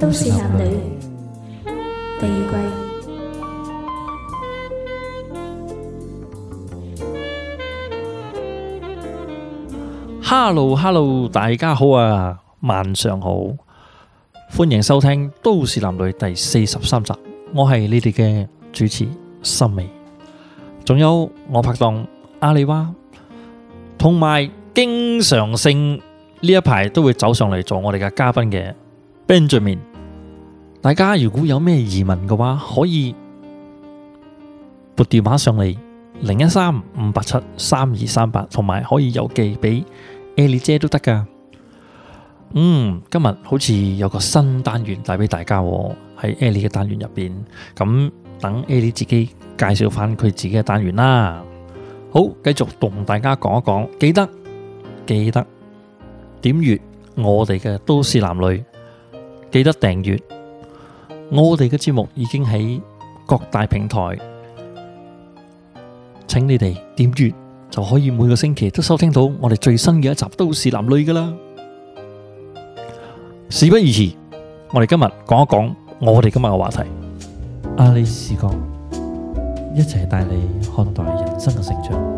《都市男女》第二季 ，Hello Hello，大家好啊，晚上好，歡迎收聽《都市男女》第四十三集，我係你哋嘅主持心美，仲有我拍檔阿里娃，同埋經常性呢一排都會走上嚟做我哋嘅嘉賓嘅。Ben 對面，Benjamin，大家如果有咩疑問嘅話，可以撥電話上嚟零一三五八七三二三八，同埋可以郵寄俾 Ali 姐都得噶。嗯，今日好似有個新單元帶俾大家喎，哦，喺 Ali 嘅單元入邊咁，等 Ali 自己介紹翻佢自己嘅單元啦。好，繼續同大家講一講，記得記得點閱我哋嘅都市男女。記得訂閱，我哋嘅節目已經喺各大平台，請你哋點閱就可以每個星期都收聽到我哋最新嘅一集《都市男女》噶啦。事不宜遲，我哋今日講一講我哋今日嘅話題。阿里視角，一齊帶你看待人生嘅成長。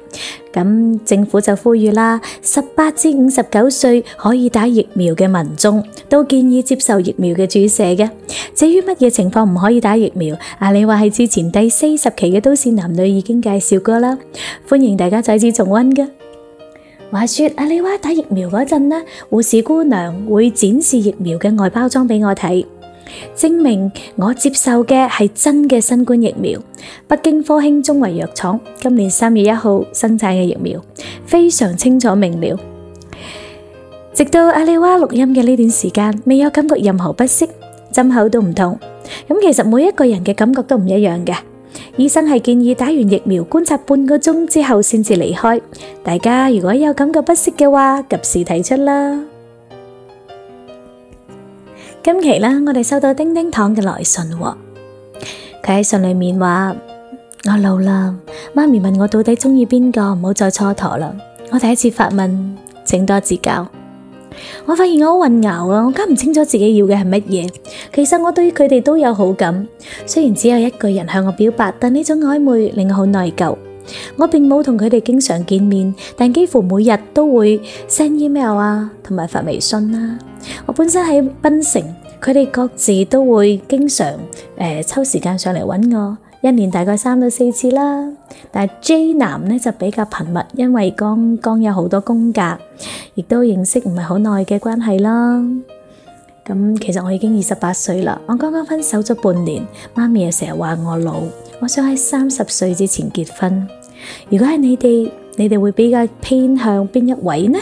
咁政府就呼籲啦，十八至五十九歲可以打疫苗嘅民眾，都建議接受疫苗嘅注射嘅。至於乜嘢情況唔可以打疫苗，阿里話喺之前第四十期嘅都市男女已經介紹過啦，歡迎大家再次重溫噶。話說阿里話打疫苗嗰陣呢，護士姑娘會展示疫苗嘅外包裝俾我睇。證明我接受嘅係真嘅新冠疫苗，北京科興中維藥廠今年三月一號生產嘅疫苗，非常清楚明了。直到阿里娃錄音嘅呢段時間，未有感覺任何不適，針口都唔痛。咁其實每一個人嘅感覺都唔一樣嘅。醫生係建議打完疫苗觀察半個鐘之後先至離開。大家如果有感覺不適嘅話，及時提出啦。今期呢，我哋收到叮叮糖嘅來信，佢喺信裏面話：我老啦，媽咪問我到底中意邊個，唔好再蹉跎啦。我第一次發問，請多指教。我發現我好混淆啊，我搞唔清楚自己要嘅係乜嘢。其實我對佢哋都有好感，雖然只有一個人向我表白，但呢種曖昧令我好內疚。我並冇同佢哋經常見面，但幾乎每日都會 send email 啊，同埋發微信啦。我本身喺檳城，佢哋各自都會經常誒、呃、抽時間上嚟搵我，一年大概三到四次啦。但係 J 男咧就比較頻密，因為剛剛有好多公假，亦都認識唔係好耐嘅關係啦。咁其實我已經二十八歲啦，我剛剛分手咗半年，媽咪又成日話我老，我想喺三十歲之前結婚。如果係你哋，你哋會比較偏向邊一位呢？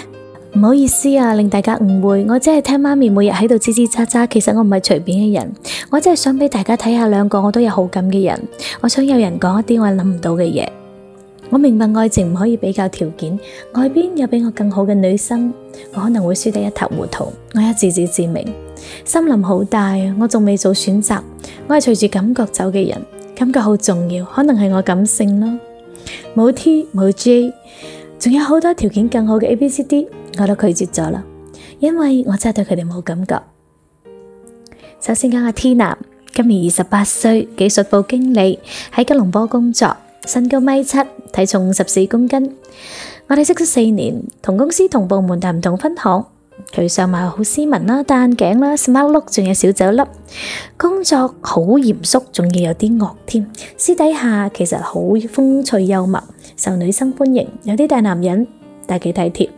唔好意思啊，令大家誤會，我只係聽媽咪每日喺度吱吱喳喳，其實我唔係隨便嘅人，我只係想俾大家睇下兩個我都有好感嘅人，我想有人講一啲我諗唔到嘅嘢。我明白愛情唔可以比較條件，外邊有比我更好嘅女生，我可能會輸得一塌糊塗。我有自知之明，森林好大，我仲未做選擇，我係隨住感覺走嘅人，感覺好重要，可能係我感性咯。冇 T 冇 J，仲有好多條件更好嘅 A B C D，我都拒絕咗啦，因為我真係對佢哋冇感覺。首先講下 T 男，今年二十八歲，技術部經理喺吉隆坡工作。身高米七，體重五十四公斤。我哋識咗四年，同公司同部門但唔同分行。佢相貌好斯文啦，戴眼鏡啦，smart look，仲有小酒粒。工作好嚴肅，仲要有啲惡添。私底下其實好風趣幽默，受女生歡迎。有啲大男人，但幾體貼，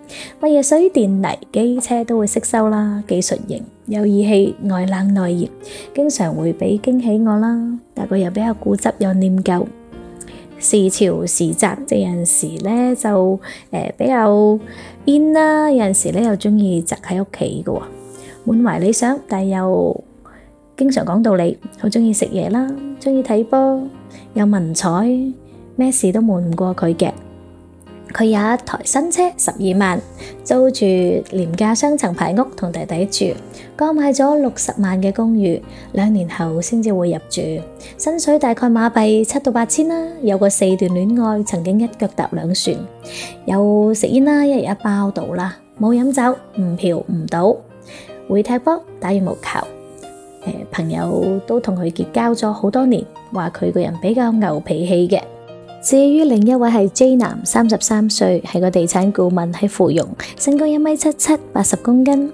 乜嘢水電泥機車都會識收啦。技術型，有義氣，外冷內熱，經常會俾驚喜我啦。但佢又比較固執，又念舊。時潮時宅，即係有時咧就誒、呃、比較 in 啦，有陣時咧又中意宅喺屋企嘅，滿懷理想，但又經常講道理，好中意食嘢啦，中意睇波，有文采，咩事都瞞唔過佢嘅。佢有一台新車，十二萬，租住廉價雙層排屋同弟弟住，剛買咗六十萬嘅公寓，兩年後先至會入住。薪水大概馬幣七到八千啦，有過四段戀愛，曾經一腳踏兩船，有食煙啦，一日一包到啦，冇飲酒，唔嫖唔賭，會踢波，打羽毛球。誒，朋友都同佢結交咗好多年，話佢個人比較牛脾氣嘅。至於另一位係 J 男，三十三歲，係個地產顧問喺芙蓉，身高一米七七，八十公斤。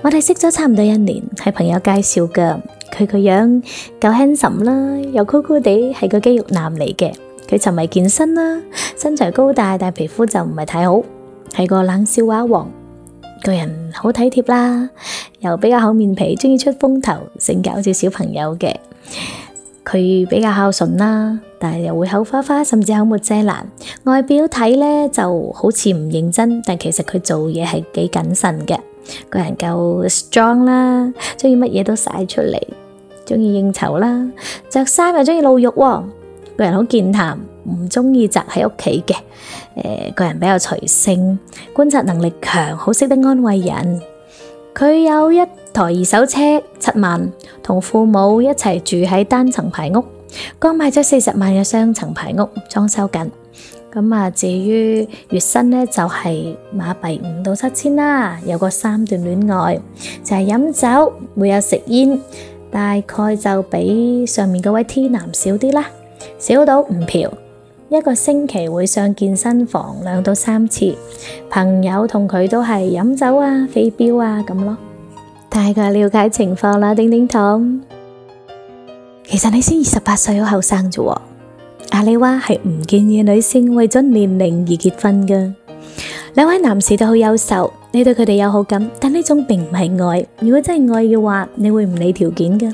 我哋識咗差唔多一年，係朋友介紹㗎。佢個樣夠 handsome 啦，又酷酷地，係個肌肉男嚟嘅。佢沉迷健身啦，身材高大，但皮膚就唔係太好。係個冷笑話王，個人好體貼啦，又比較厚面皮，中意出風頭，性格好似小朋友嘅。.佢比較孝順啦，但係又會口花花，甚至口沒遮攔。外表睇咧就好似唔認真，但其實佢做嘢係幾謹慎嘅。個人夠 strong 啦，中意乜嘢都晒出嚟，中意應酬啦，着衫又中意露肉。個人好健談，唔中意宅喺屋企嘅。誒、呃，個人比較隨性，觀察能力強，好識得安慰人。佢有一台二手車，七萬，同父母一齊住喺單層排屋，剛買咗四十萬嘅雙層排屋，裝修緊。咁啊，至於月薪呢，就係、是、馬幣五到七千啦。有過三段戀愛，就係、是、飲酒，會有食煙，大概就比上面嗰位 T 男少啲啦，少到唔嫖。一個星期會上健身房兩到三次，朋友同佢都係飲酒啊、飛鏢啊咁咯。大概了解情況啦，叮叮糖。其實你先二十八歲好後生啫，阿麗話係唔建議女性為咗年齡而結婚㗎。兩位男士都好優秀，你對佢哋有好感，但呢種並唔係愛。如果真係愛嘅話，你會唔理條件㗎。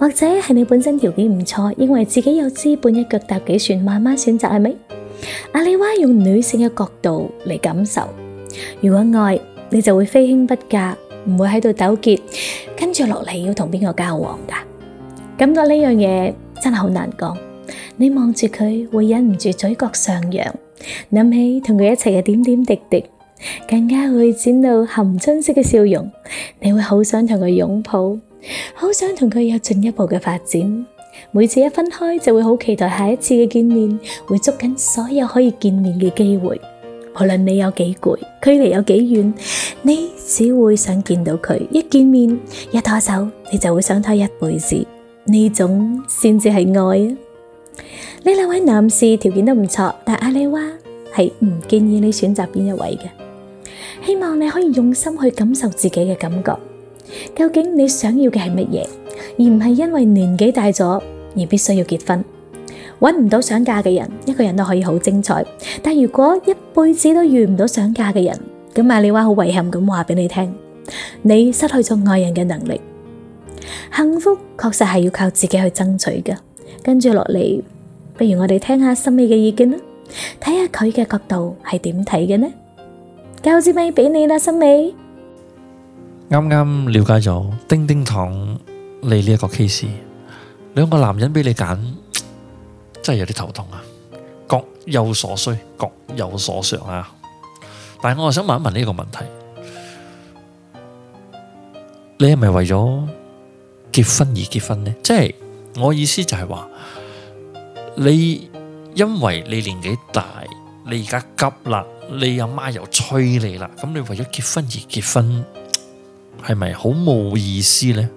或者係你本身條件唔錯，認為自己有資本一腳踏幾船，慢慢選擇係咪？阿里娃用女性嘅角度嚟感受，如果愛，你就會非卿不嫁，唔會喺度糾結，接下來跟住落嚟要同邊個交往噶？感覺呢樣嘢真係好難講。你望住佢會忍唔住嘴角上揚，諗起同佢一齊嘅點點滴滴，更加會展露含春色嘅笑容，你會好想同佢擁抱。好想同佢有進一步嘅發展，每次一分開就會好期待下一次嘅見面，會捉緊所有可以見面嘅機會。無論你有幾攰，距離有幾遠，你只會想見到佢。一見面，一拖手，你就會想拖一輩子。呢種先至係愛啊！呢兩位男士條件都唔錯，但阿麗話係唔建議你選擇邊一位嘅。希望你可以用心去感受自己嘅感覺。究竟你想要嘅係乜嘢？而唔係因為年紀大咗而必須要結婚。搵唔到想嫁嘅人，一個人都可以好精彩。但如果一輩子都遇唔到想嫁嘅人，咁啊，你話好遺憾咁話俾你聽，你失去咗愛人嘅能力。幸福確實係要靠自己去爭取㗎。跟住落嚟，不如我哋聽下心美嘅意見啦，睇下佢嘅角度係點睇嘅呢？交支咪俾你啦，心美。啱啱了解咗叮叮糖你呢一個 case，兩個男人俾你揀，真係有啲頭痛啊！各有所需，各有所想啊！但係我又想問一問呢個問題，你係咪為咗結婚而結婚呢？即係我意思就係話，你因為你年紀大，你而家急啦，你阿媽又催你啦，咁你為咗結婚而結婚？係咪好冇意思呢？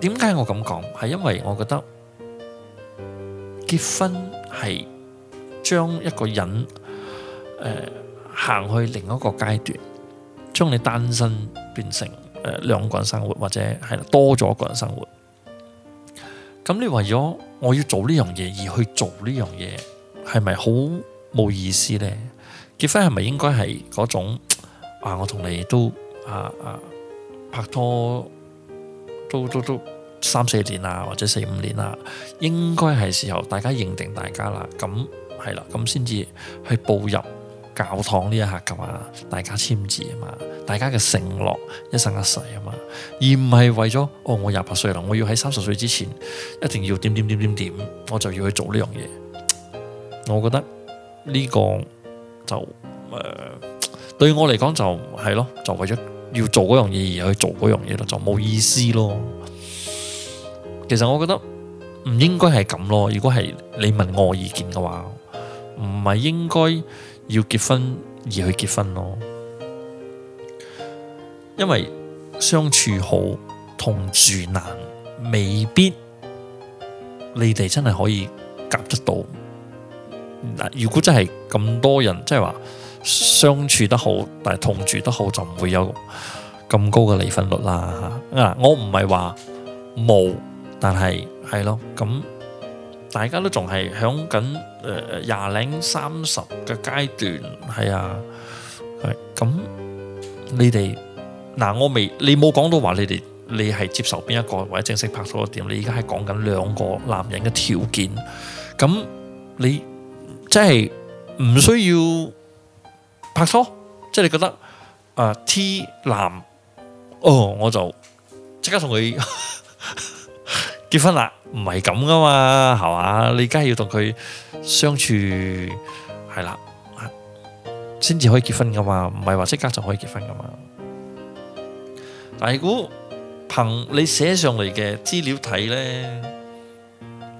點解我咁講？係因為我覺得結婚係將一個人誒行去另一個階段，將你單身變成誒兩個人生活，或者係多咗一個人生活。咁你為咗我要做呢樣嘢而去做呢樣嘢，係咪好冇意思呢？結婚係咪應該係嗰種？啊！我同你都啊啊拍拖都都都，都三四年啦，或者四五年啦，應該係時候大家認定大家啦，咁係啦，咁先至去步入教堂呢一刻噶嘛，大家簽字啊嘛，大家嘅承諾一生一世啊嘛，而唔係為咗哦，我廿八歲啦，我要喺三十歲之前一定要點點點點點，我就要去做呢樣嘢。我覺得呢個就誒。呃對我嚟講就係咯，就為咗要做嗰樣嘢而去做嗰樣嘢咯，就冇意思咯。其實我覺得唔應該係咁咯。如果係你問我意見嘅話，唔係應該要結婚而去結婚咯。因為相處好同住難，未必你哋真係可以夾得到。嗱，如果真係咁多人，即係話。相處得好，但係同住得好就唔會有咁高嘅離婚率啦。啊，我唔係話冇，但係係咯，咁、嗯、大家都仲係響緊誒廿零三十嘅階段，係、嗯嗯、啊，係咁你哋嗱，我未你冇講到話你哋你係接受邊一個或者正式拍拖嘅點，你而家係講緊兩個男人嘅條件，咁、嗯、你即係唔需要。拍拖，即係你覺得誒、呃、T 男哦，我就即刻同佢結婚啦，唔係咁噶嘛，係嘛？你梗係要同佢相處係啦，先至可以結婚噶嘛，唔係話即刻就可以結婚噶嘛？但係如果憑你寫上嚟嘅資料睇咧，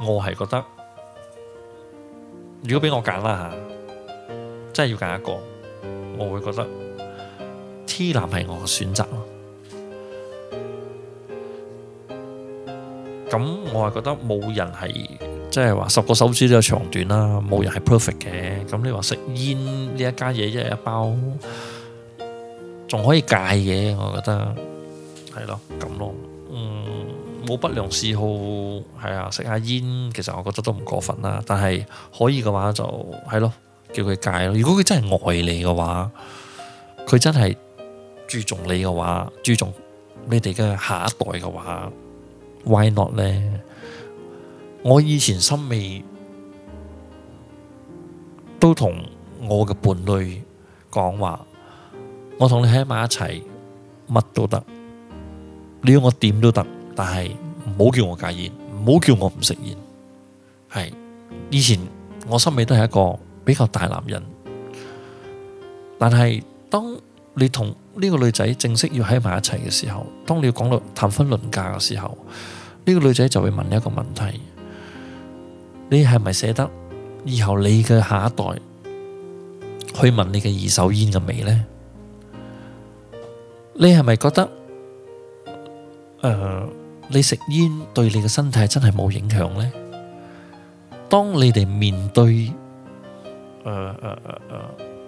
我係覺得如果俾我揀啦吓，真係要揀一個。我會覺得 T 男係我嘅選擇咯，咁我係覺得冇人係即係話十個手指都有長短啦，冇人係 perfect 嘅。咁你話食煙呢一家嘢一日一包，仲可以戒嘢。我覺得係咯，咁咯，嗯，冇不良嗜好係啊，食下煙其實我覺得都唔過分啦，但係可以嘅話就係咯。叫佢戒咯，如果佢真係愛你嘅話，佢真係注重你嘅話，注重你哋嘅下一代嘅話，why not 咧？我以前心尾都同我嘅伴侶講話，我同你喺埋一齊，乜都得，你要我點都得，但係唔好叫我戒煙，唔好叫我唔食煙。係，以前我心尾都係一個。比較大男人，但係當你同呢個女仔正式要喺埋一齊嘅時候，當你講到談婚論嫁嘅時候，呢個女仔就會問一個問題：你係咪捨得以後你嘅下一代去聞你嘅二手煙嘅味呢？你係咪覺得誒、呃，你食煙對你嘅身體真係冇影響呢？當你哋面對。誒誒誒誒，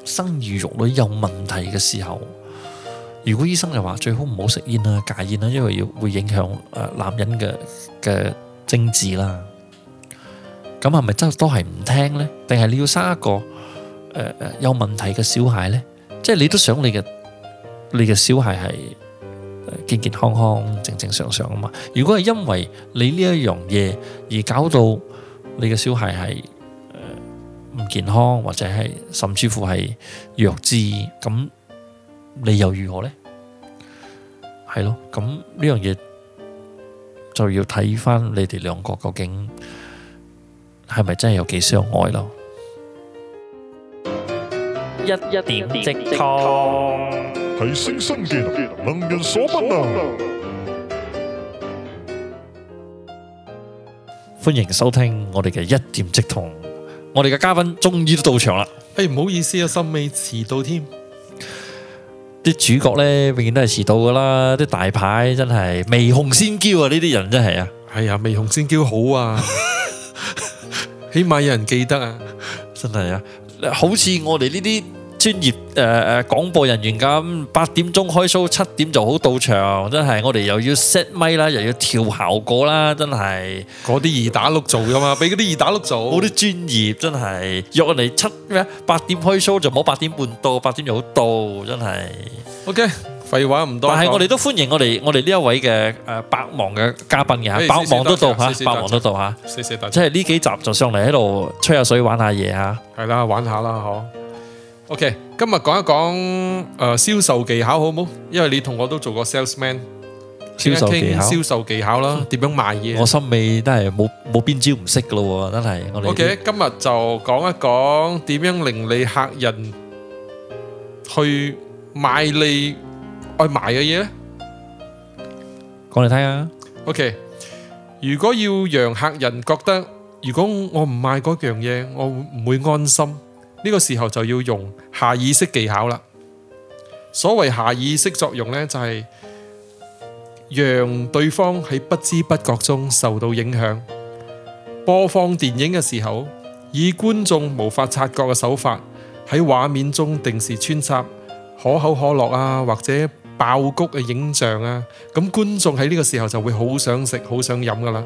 生兒育女有問題嘅時候，如果醫生就話最好唔好食煙啦，戒煙啦，因為要會影響誒男人嘅嘅精子啦。咁係咪真係都係唔聽咧？定係你要生一個誒誒、uh, 有問題嘅小孩咧？即係你都想你嘅你嘅小孩係健健康康、正正常常啊嘛？如果係因為你呢一樣嘢而搞到你嘅小孩係？唔健康或者係甚至乎係弱智，咁你又如何呢？係咯，咁呢樣嘢就要睇返你哋兩個究竟係咪真係有幾相愛咯？一一點即通，提升新技能，能人所不能。歡迎收聽我哋嘅一點即通。我哋嘅嘉賓終於都到場啦！哎，唔好意思啊，心未遲到添。啲 主角咧，永遠都係遲到噶啦。啲大牌真係未紅先驕啊！呢啲人真係啊，係啊、哎，未紅先驕好啊， 起碼有人記得啊，真係啊，好似我哋呢啲。專業誒誒廣播人員，咁八點鐘開 show 七點就好到場，真係我哋又要 set 咪啦，又要調效果啦，真係嗰啲二打六做噶嘛，俾嗰啲二打六做冇啲專業真係約我哋七咩八點開 show 就冇八點半到八點就好到，真係。O K，廢話唔多。但係我哋都歡迎我哋我哋呢一位嘅誒百忙嘅嘉賓嘅，百忙都到吓，百忙都到吓。謝謝大家。即係呢幾集就上嚟喺度吹下水玩下嘢啊！係啦，玩下啦，嗬。OK，今日講一講誒銷售技巧好冇？因為你同我都做過 salesman，銷售技巧銷售技巧啦，點樣賣嘢？我心未都係冇冇邊招唔識噶咯，真係。OK，今日就講一講點樣令你客人去賣你愛賣嘅嘢咧？講嚟聽下！OK，如果要讓客人覺得，如果我唔賣嗰樣嘢，我唔會安心。呢個時候就要用下意識技巧啦。所謂下意識作用咧，就係讓對方喺不知不覺中受到影響。播放電影嘅時候，以觀眾無法察覺嘅手法，喺畫面中定時穿插，可口可樂啊，或者爆谷嘅影像啊，咁觀眾喺呢個時候就會好想食，好想飲噶啦，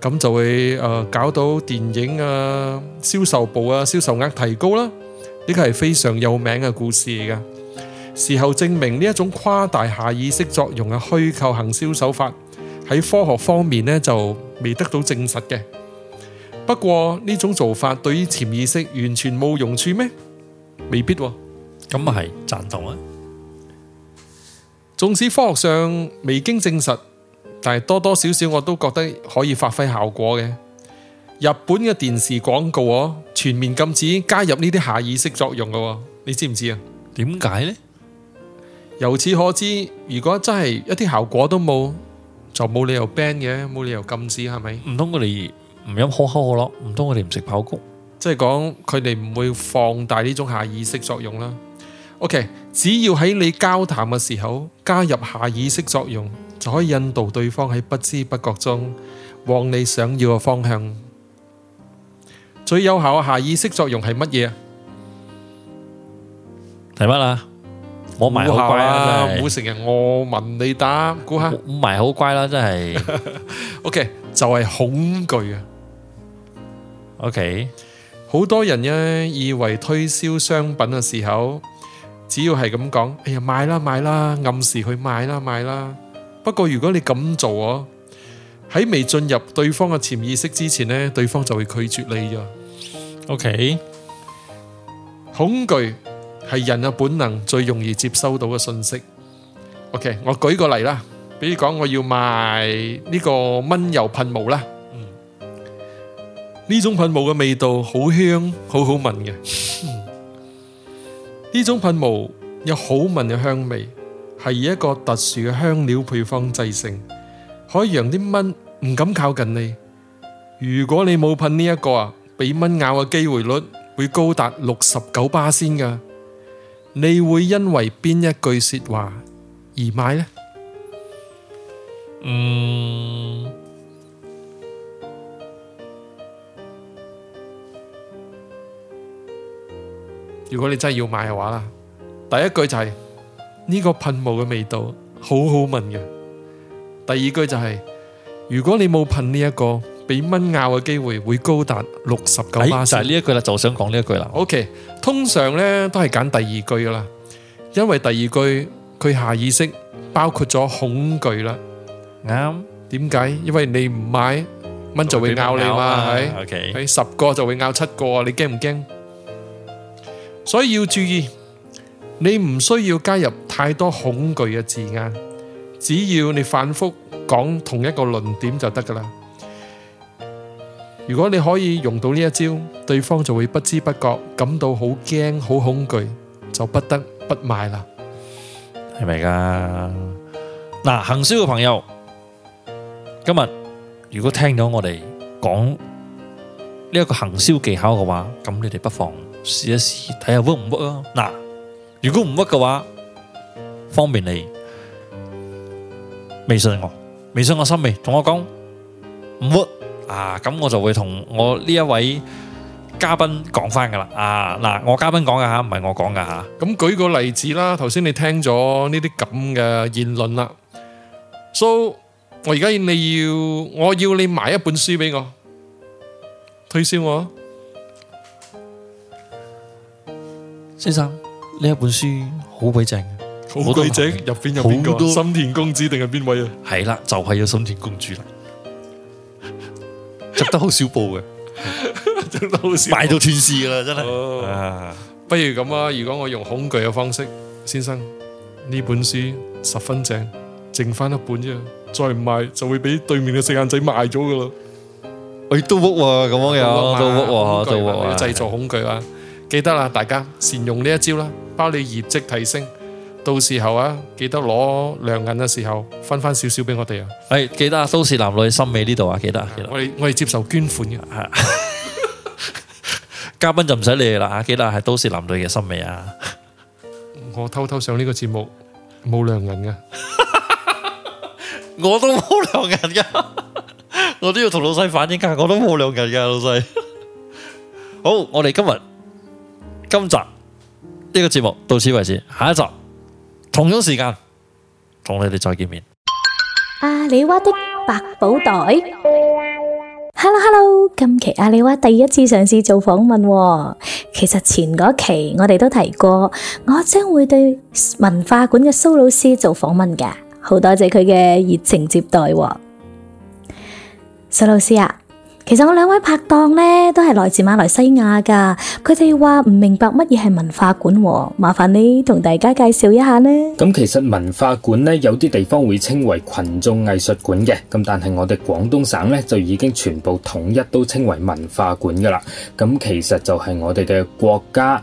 咁就會誒搞到電影啊銷售部啊銷售額提高啦，呢個係非常有名嘅故事嚟噶。事後證明呢一種誇大下意識作用嘅虛構行銷手法喺科學方面呢就未得到證實嘅。不過呢種做法對於潛意識完全冇用處咩？未必喎，咁咪係贊同啊。縱使科學上未經證實，但係多多少少我都覺得可以發揮效果嘅。日本嘅電視廣告哦，全面禁止加入呢啲下意識作用嘅，你知唔知啊？點解呢？由此可知，如果真係一啲效果都冇，就冇理由 ban 嘅，冇理由禁止，係咪？唔通我哋唔飲可口可樂，唔通我哋唔食爆谷？即係講佢哋唔會放大呢種下意識作用啦。O.K. 只要喺你交談嘅時候加入下意識作用，就可以引導對方喺不知不覺中往你想要嘅方向。最有效嘅下意識作用係乜嘢啊？係乜啦？我唔係好乖啦，唔會成日我問你答，估下唔係好乖啦，真係。O.K. 就係恐懼啊。O.K. 好多人呢以為推銷商品嘅時候。只要係咁講，哎呀，買啦買啦，暗示去買啦買啦。不過如果你咁做哦，喺未進入對方嘅潛意識之前咧，對方就會拒絕你咗。OK，恐懼係人嘅本能，最容易接收到嘅信息。OK，我舉個例啦，比如講我要賣呢個蚊油噴霧啦，呢種噴霧嘅味道好香，好好聞嘅。呢種噴霧有好聞嘅香味，係以一個特殊嘅香料配方製成，可以讓啲蚊唔敢靠近你。如果你冇噴呢一個啊，俾蚊咬嘅機會率會高達六十九巴仙噶。你會因為邊一句說話而買呢？嗯。如果你真係要買嘅話啦，第一句就係、是、呢、這個噴霧嘅味道好好聞嘅。第二句就係、是、如果你冇噴呢一個，俾蚊咬嘅機會會高達六十九巴仙。係、欸、就係、是、呢一句啦，就想講呢一句啦。OK，通常咧都係揀第二句噶啦，因為第二句佢下意識包括咗恐懼啦。啱、嗯，點解？因為你唔買，蚊就會蚊咬你嘛。係、啊，OK，係十個就會咬七個，你驚唔驚？所以要注意，你唔需要加入太多恐懼嘅字眼，只要你反覆講同一個論點就得噶啦。如果你可以用到呢一招，對方就會不知不覺感到好驚、好恐懼，就不得不買啦。係咪噶？嗱，行銷嘅朋友，今日如果聽到我哋講呢一個行銷技巧嘅話，咁你哋不妨。試一試，睇下屈唔屈咯。嗱，如果唔屈嘅話，方便你微信我，微信我心微，同我講唔屈啊，咁我就會同我呢一位嘉賓講翻噶啦。啊，嗱，我嘉賓講嘅吓，唔係我講噶吓。咁舉個例子啦，頭先你聽咗呢啲咁嘅言論啦。So，我而家要你要，我要你買一本書俾我，推銷我。先生，呢本書好鬼正，好鬼正，入邊有邊個心田公子定係邊位啊？係啦，就係有心田公主啦，着得好少布嘅，着得好少布，賣到斷市啦，真係。不如咁啊，如果我用恐懼嘅方式，先生，呢本書十分正，剩翻一本啫，再唔賣就會俾對面嘅四眼仔賣咗噶啦，我要倒屋啊，咁樣樣，倒屋啊，倒屋啊，製作恐懼啊！記得啦，大家善用呢一招啦，包你業績提升。到時候啊，記得攞良銀嘅時候分翻少少俾我哋啊。係記得啊，都市男女心美呢度啊，記得。我哋我哋接受捐款嘅。嘉賓就唔使嚟啦啊！記得係都市男女嘅心美啊。我偷偷上呢個節目冇良銀嘅，我都冇良銀嘅，我都要同老細反映下，我都冇良銀嘅老細。好，我哋今日。今集呢個節目到此為止，下一集同樣時間同你哋再見面。阿里娃的百寶袋，Hello Hello，今期阿里娃第一次嘗試做訪問喎，其實前嗰期我哋都提過，我將會對文化館嘅蘇老師做訪問嘅，好多謝佢嘅熱情接待喎。蘇老師啊。其實我兩位拍檔呢都係來自馬來西亞噶，佢哋話唔明白乜嘢係文化館喎，哦，麻煩你同大家介紹一下呢。咁其實文化館呢有啲地方會稱為群眾藝術館嘅，咁但係我哋廣東省呢就已經全部統一都稱為文化館噶啦。咁其實就係我哋嘅國家誒嘅、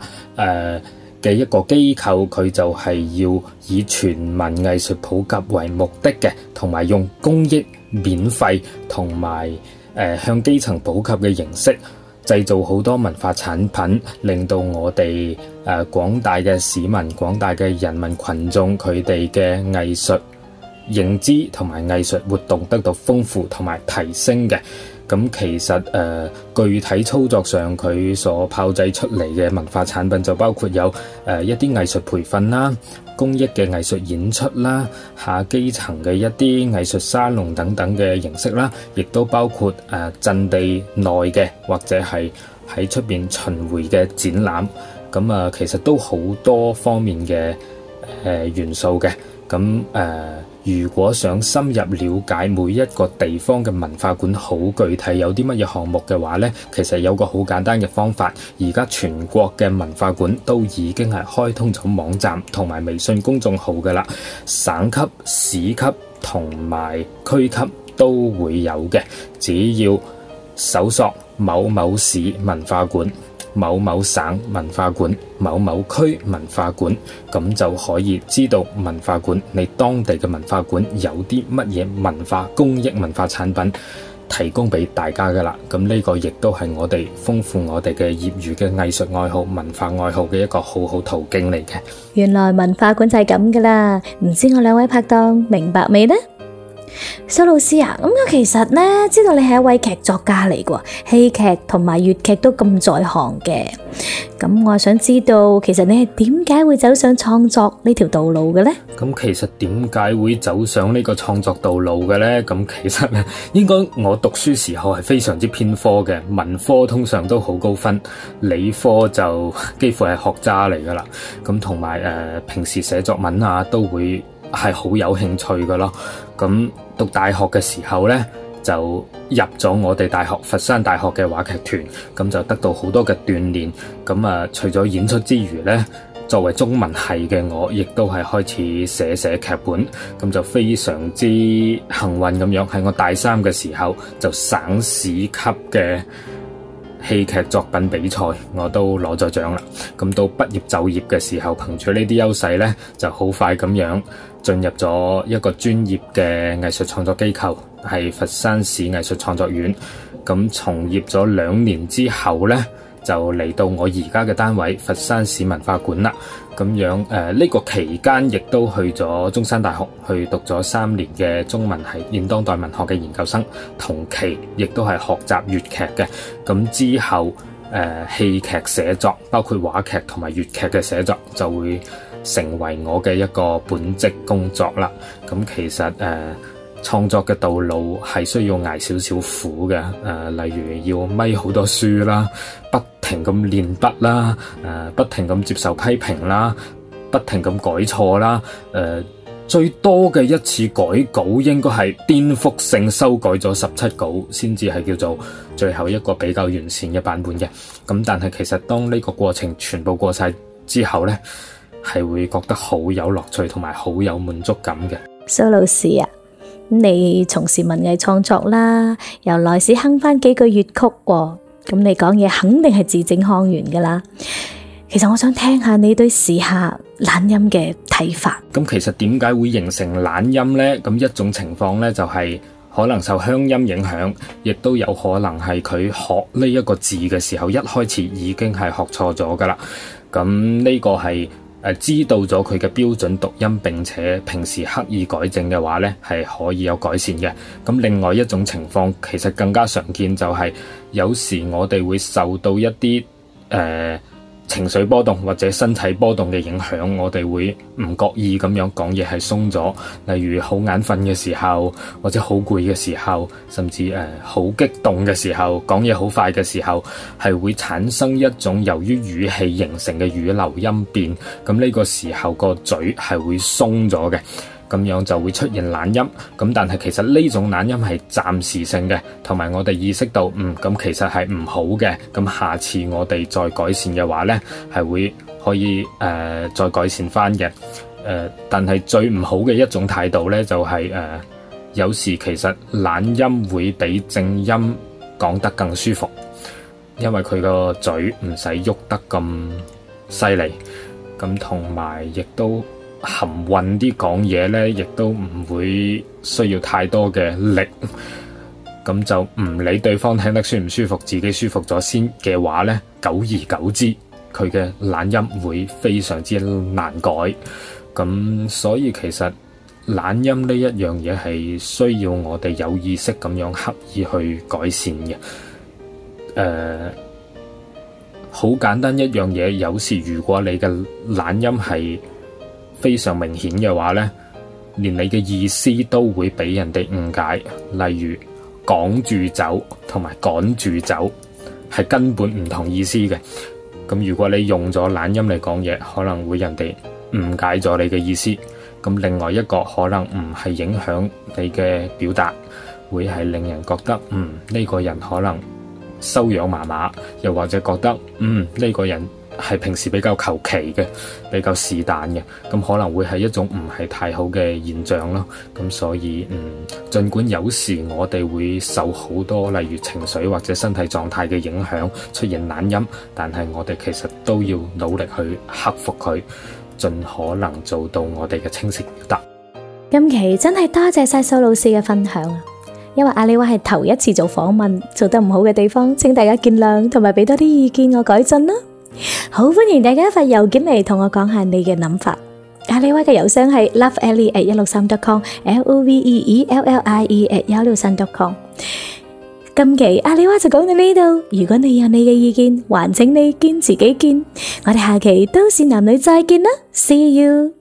呃、一個機構，佢就係要以全民藝術普及為目的嘅，同埋用公益、免費同埋。誒向基層普及嘅形式，製造好多文化產品，令到我哋誒、呃、廣大嘅市民、廣大嘅人民群眾佢哋嘅藝術認知同埋藝術活動得到豐富同埋提升嘅。咁其實誒、呃，具體操作上佢所炮製出嚟嘅文化產品就包括有誒、呃、一啲藝術培訓啦、公益嘅藝術演出啦、下基層嘅一啲藝術沙龍等等嘅形式啦，亦都包括誒、呃、陣地內嘅或者係喺出邊巡迴嘅展覽。咁、呃、啊，其實都好多方面嘅誒、呃、元素嘅。咁、呃、誒。如果想深入了解每一個地方嘅文化館好具體有啲乜嘢項目嘅話呢，其實有個好簡單嘅方法。而家全國嘅文化館都已經係開通咗網站同埋微信公眾號嘅啦，省級、市級同埋區級都會有嘅，只要搜索某某市文化館。某某省文化館、某某區文化館，咁就可以知道文化館，你當地嘅文化館有啲乜嘢文化公益文化產品提供俾大家噶啦。咁呢個亦都係我哋豐富我哋嘅業餘嘅藝術愛好、文化愛好嘅一個好好途徑嚟嘅。原來文化館就係咁噶啦，唔知我兩位拍檔明白未呢？蕭、so, 老師啊，咁我其實呢，知道你係一位劇作家嚟噶喎，戲劇同埋粵劇都咁在行嘅，咁我想知道，其實你係點解會走上創作呢條道路嘅呢？咁其實點解會走上呢個創作道路嘅呢？咁其實咧，應該我讀書時候係非常之偏科嘅，文科通常都好高分，理科就幾乎係學渣嚟噶啦。咁同埋誒，平時寫作文啊，都會係好有興趣噶咯。咁讀大學嘅時候呢，就入咗我哋大學佛山大學嘅話劇團，咁就得到好多嘅鍛鍊。咁啊，除咗演出之餘呢，作為中文系嘅我，亦都係開始寫寫劇本。咁就非常之幸運咁樣，喺我大三嘅時候，就省市級嘅戲劇作品比賽我都攞咗獎啦，咁到畢業就業嘅時候，憑住呢啲優勢呢，就好快咁樣進入咗一個專業嘅藝術創作機構，係佛山市藝術創作院。咁從業咗兩年之後呢。就嚟到我而家嘅單位佛山市文化館啦，咁樣誒呢、呃這個期間亦都去咗中山大學去讀咗三年嘅中文系現當代文學嘅研究生，同期亦都係學習粵劇嘅。咁之後誒戲劇寫作，包括話劇同埋粵劇嘅寫作，就會成為我嘅一個本職工作啦。咁其實誒創、呃、作嘅道路係需要捱少少苦嘅，誒、呃、例如要咪好多書啦，不不停咁練筆啦，誒、嗯，不停咁、呃、接受批評啦，不停咁改錯啦，誒、呃，最多嘅一次改稿應該係顛覆性修改咗十七稿，先至係叫做最後一個比較完善嘅版本嘅。咁、嗯、但係其實當呢個過程全部過晒之後呢，係會覺得好有樂趣同埋好有滿足感嘅。蘇老師啊，你從事文藝創作啦，由來是哼翻幾句粵曲喎，哦。咁你講嘢肯定係字正腔圓噶啦。其實我想聽下你對時下懶音嘅睇法。咁其實點解會形成懶音咧？咁一種情況咧，就係可能受鄉音影響，亦都有可能係佢學呢一個字嘅時候，一開始已經係學錯咗噶啦。咁呢個係。知道咗佢嘅標準讀音，並且平時刻意改正嘅話呢，係可以有改善嘅。咁另外一種情況，其實更加常見就係、是、有時我哋會受到一啲誒、呃情緒波動或者身體波動嘅影響，我哋會唔覺意咁樣講嘢係鬆咗。例如好眼瞓嘅時候，或者好攰嘅時候，甚至誒好、呃、激動嘅時候，講嘢好快嘅時候，係會產生一種由於語氣形成嘅語流音變。咁呢個時候個嘴係會鬆咗嘅。咁樣就會出現懶音，咁但係其實呢種懶音係暫時性嘅，同埋我哋意識到，嗯，咁其實係唔好嘅，咁下次我哋再改善嘅話呢，係會可以誒、呃、再改善翻嘅，呃，但係最唔好嘅一種態度呢，就係、係、誒、呃，有時其實懶音會比正音講得更舒服，因為佢個嘴唔使喐得咁犀利，咁同埋亦都。含混啲講嘢咧，亦都唔會需要太多嘅力咁就唔理對方聽得舒唔舒服，自己舒服咗先嘅話咧，久而久之，佢嘅懶音會非常之難改。咁所以其實懶音呢一樣嘢係需要我哋有意識咁樣刻意去改善嘅。誒、呃，好簡單一樣嘢，有時如果你嘅懶音係非常明顯嘅話呢，連你嘅意思都會俾人哋誤解。例如，趕住走同埋趕住走係根本唔同意思嘅。咁如果你用咗懶音嚟講嘢，可能會人哋誤解咗你嘅意思。咁另外一個可能唔係影響你嘅表達，會係令人覺得嗯呢、呢個人可能修養麻麻，又或者覺得嗯呢、呢個人係平時比較求其嘅，比較是但嘅，咁可能會係一種唔係太好嘅現象咯。咁所以，嗯，盡管有時我哋會受好多，例如情緒或者身體狀態嘅影響，出現懶音，但係我哋其實都要努力去克服佢，盡可能做到我哋嘅清晰表達。今期真係多謝晒蘇老師嘅分享啊！因為阿里話係頭一次做訪問，做得唔好嘅地方，請大家見諒，同埋俾多啲意見我改進啦。好歡迎大家發郵件嚟同我講下你嘅諗法。阿里娃嘅郵箱係 loveellie@163.com，L O V E E L L I E@163.com。今期阿里娃就講到呢度，如果你有你嘅意見，還請你堅持己見。我哋下期都市男女再見啦，See you。